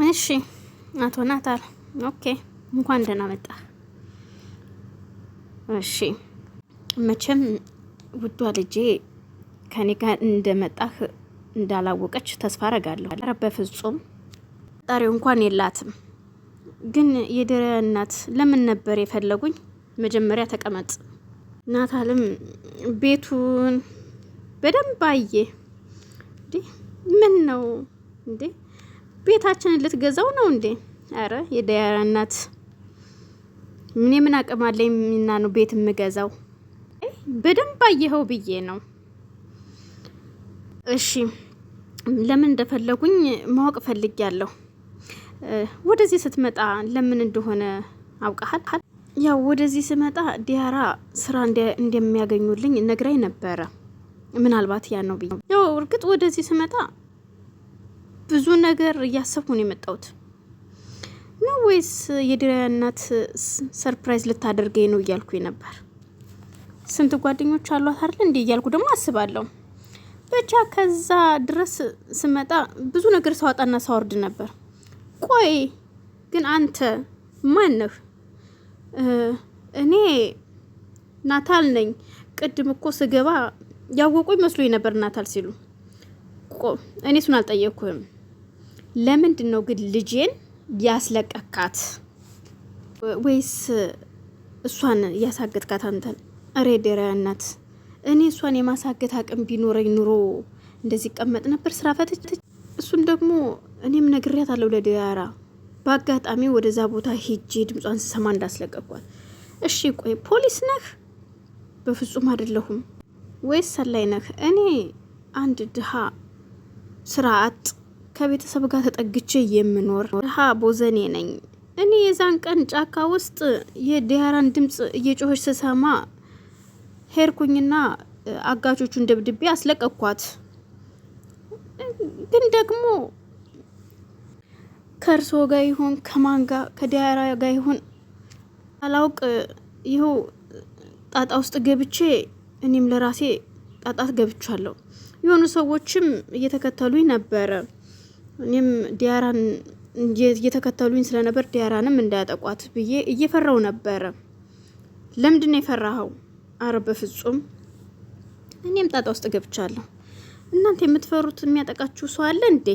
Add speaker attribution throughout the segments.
Speaker 1: እሺ አቶ ናታል ኦኬ፣ እንኳን ደህና መጣ። እሺ መቼም ውዷ ልጄ ከኔ ጋር እንደመጣህ እንዳላወቀች ተስፋ አረጋለሁ።
Speaker 2: ኧረ በፍጹም
Speaker 1: ጣሪው እንኳን የላትም። ግን የድረ እናት ለምን ነበር የፈለጉኝ? መጀመሪያ ተቀመጥ። ናታልም ቤቱን በደንብ አየ። እንዴ ምን ነው እንዴ ቤታችንን ልትገዛው ነው እንዴ? አረ የዳያራ እናት ምን ምን አቅም አለኝ እና ነው ቤት የምገዛው? በደንብ አየኸው ብዬ ነው። እሺ ለምን እንደፈለጉኝ ማወቅ ፈልጊያለሁ። ወደዚህ ስትመጣ ለምን እንደሆነ አውቀሃል? ያው ወደዚህ ስመጣ ዲያራ ስራ እንደሚያገኙልኝ ነግራኝ ነበረ። ምናልባት ያ ነው ብዬ ያው እርግጥ ወደዚህ ስመጣ ብዙ ነገር እያሰብኩ ነው የመጣሁት ነው ወይስ የድሪያ እናት ሰርፕራይዝ ልታደርገኝ ነው እያልኩ ነበር። ስንት ጓደኞች አሏት አይደል እንዴ እያልኩ ደግሞ አስባለሁ። ብቻ ከዛ ድረስ ስመጣ ብዙ ነገር ሳወጣና ሳወርድ ነበር። ቆይ ግን አንተ ማን ነህ? እኔ ናታል ነኝ። ቅድም እኮ ስገባ ያወቁኝ ይመስሉ ነበር ናታል ሲሉ እኮ እኔ እሱን አልጠየኩም። ለምንድን ነው ግን ልጄን ያስለቀካት ወይስ እሷን ያሳገትካት አንተን? እሬ ደራ እኔ እሷን የማሳገት አቅም ቢኖረኝ ኑሮ እንደዚህ ቀመጥ ነበር ስራ ፈትች። እሱን ደግሞ እኔም ነግሬያት አለው ለዲያራ። በአጋጣሚ ወደዛ ቦታ ሄጄ ድምጿን ስሰማ እንዳስለቀቋል። እሺ ቆይ ፖሊስ ነህ? በፍጹም አይደለሁም። ወይስ ሰላይ ነህ? እኔ አንድ ድሃ ስራ አጥ ከቤተሰብ ጋር ተጠግቼ የምኖር ረሃ ቦዘኔ ነኝ። እኔ የዛን ቀን ጫካ ውስጥ የዲያራን ድምፅ እየጮኸች ስሰማ ሄርኩኝና አጋቾቹን ደብድቤ አስለቀኳት። ግን ደግሞ ከእርሶ ጋር ይሁን ከማን ጋር ከዲያራ ጋር ይሁን አላውቅ ይኸው ጣጣ ውስጥ ገብቼ እኔም ለራሴ ጣጣት ገብቻለሁ። የሆኑ ሰዎችም እየተከተሉኝ ነበረ። እኔም ዲያራን እየተከተሉኝ ስለነበር ዲያራንም እንዳያጠቋት ብዬ እየፈራው ነበረ። ለምንድነው የፈራኸው? አረ በፍጹም እኔም ጣጣ ውስጥ ገብቻለሁ። እናንተ የምትፈሩት የሚያጠቃችሁ ሰው አለ እንዴ?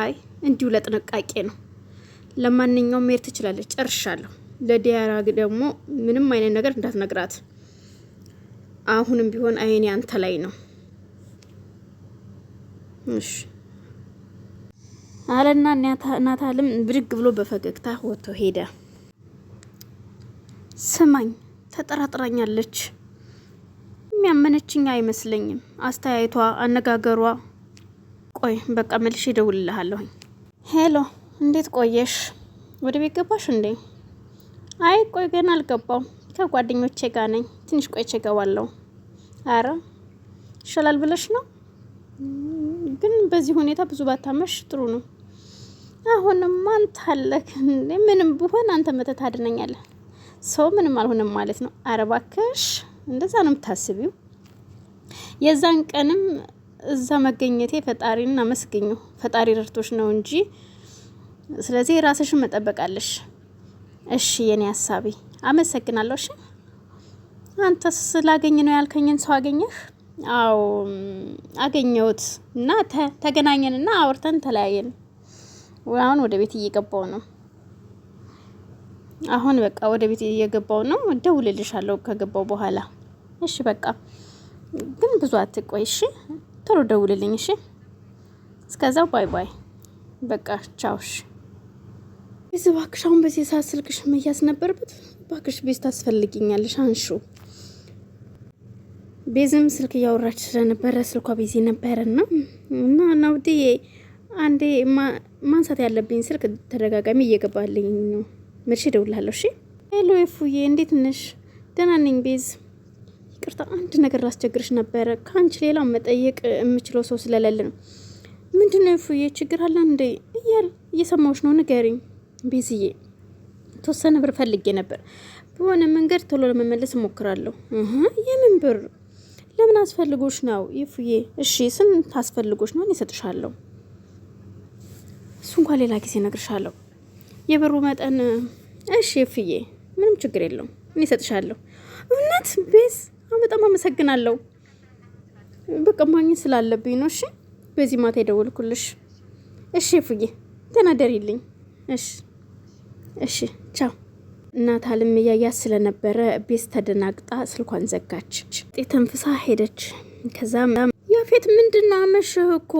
Speaker 1: አይ እንዲሁ ለጥንቃቄ ነው። ለማንኛውም መሄድ ትችላለች። ጨርሻለሁ። ለዲያራ ደግሞ ምንም አይነት ነገር እንዳትነግራት። አሁንም ቢሆን አይኔ አንተ ላይ ነው። እሺ አለና ናታልም ብድግ ብሎ በፈገግታ ወጥቶ ሄደ። ስማኝ፣ ተጠራጥራኛለች። የሚያመነችኝ አይመስለኝም። አስተያየቷ፣ አነጋገሯ። ቆይ በቃ መልሽ እደውልልሃለሁኝ። ሄሎ፣ እንዴት ቆየሽ? ወደ ቤት ገባሽ እንዴ? አይ ቆይ ገና አልገባም። ከጓደኞቼ ጋር ነኝ። ትንሽ ቆይቼ እገባለሁ። አረ ይሻላል ብለሽ ነው በዚህ ሁኔታ ብዙ ባታመሽ ጥሩ ነው። አሁንም አንተ አለህ ምንም ብሆን አንተ መተት አድነኛለህ። ሰው ምንም አልሆነም ማለት ነው። አረባከሽ እንደዛ ነው የምታስቢው። የዛን ቀንም እዛ መገኘቴ ፈጣሪን አመስግኙ። ፈጣሪ ረድቶች ነው እንጂ ስለዚህ ራስሽን መጠበቃለሽ። እሺ የኔ ሀሳቤ አመሰግናለሁ። እሺ አንተ ስላገኝ ነው ያልከኝን ሰው አገኘህ። አው አገኘሁት እና ተገናኘን እና አውርተን ተለያየን። አሁን ወደ ቤት እየገባው ነው። አሁን በቃ ወደ ቤት እየገባው ነው። እደውልልሻለሁ ከገባው በኋላ እሺ። በቃ ግን ብዙ አትቆይ እሺ። ቶሎ ደውልልኝ እሺ። እስከዛው ባይ ባይ። በቃ ቻውሽ። እዚህ እባክሽ፣ አሁን በዚህ ሰዓት ስልክሽ መያዝ ነበርበት። እባክሽ ቤት ታስፈልጊኛለሽ፣ አንሹ ቤዝም ስልክ እያወራች ስለነበረ ስልኳ ቤዚ ነበረ ና እና እና አንዴ ማንሳት ያለብኝ ስልክ ተደጋጋሚ እየገባልኝ ነው። መርሽ ደውላለሁ። እሺ ሄሎ ኤፉዬ፣ እንዴት ነሽ? ደህና ነኝ ቤዝ። ይቅርታ አንድ ነገር ላስቸግርሽ ነበረ። ከአንቺ ሌላ መጠየቅ የምችለው ሰው ስለሌለ ነው። ምንድን ነው ችግር አለ እንዴ? እያል እየሰማዎች ነው። ንገሪኝ ቤዝዬ። ተወሰነ ብር ፈልጌ ነበር። በሆነ መንገድ ቶሎ ለመመለስ እሞክራለሁ። የምን ብር ለምን አስፈልጎች ነው ይፍዬ? እሺ ስንት አስፈልጎች ነው? እኔ እሰጥሻለሁ። እሱ እንኳ ሌላ ጊዜ እነግርሻለሁ። የብሩ መጠን እሺ ይፍዬ፣ ምንም ችግር የለው እኔ እሰጥሻለሁ። እውነት ቤዝ፣ በጣም አመሰግናለሁ። በቃ ማግኘት ስላለብኝ ነው። እሺ በዚህ ማታ የደወልኩልሽ። እሺ ይፉዬ፣ ተናደሪልኝ። እሺ፣ እሺ፣ ቻው እናት ናታልም እያያት ስለነበረ ቤዝ ተደናግጣ ስልኳን ዘጋች። ጤተንፍሳ ሄደች። ከዛም ያፌት ምንድን ነው አመሸህ እኮ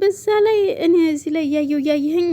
Speaker 1: በዛ ላይ እኔ እዚህ ላይ እያየው እያየኸኝ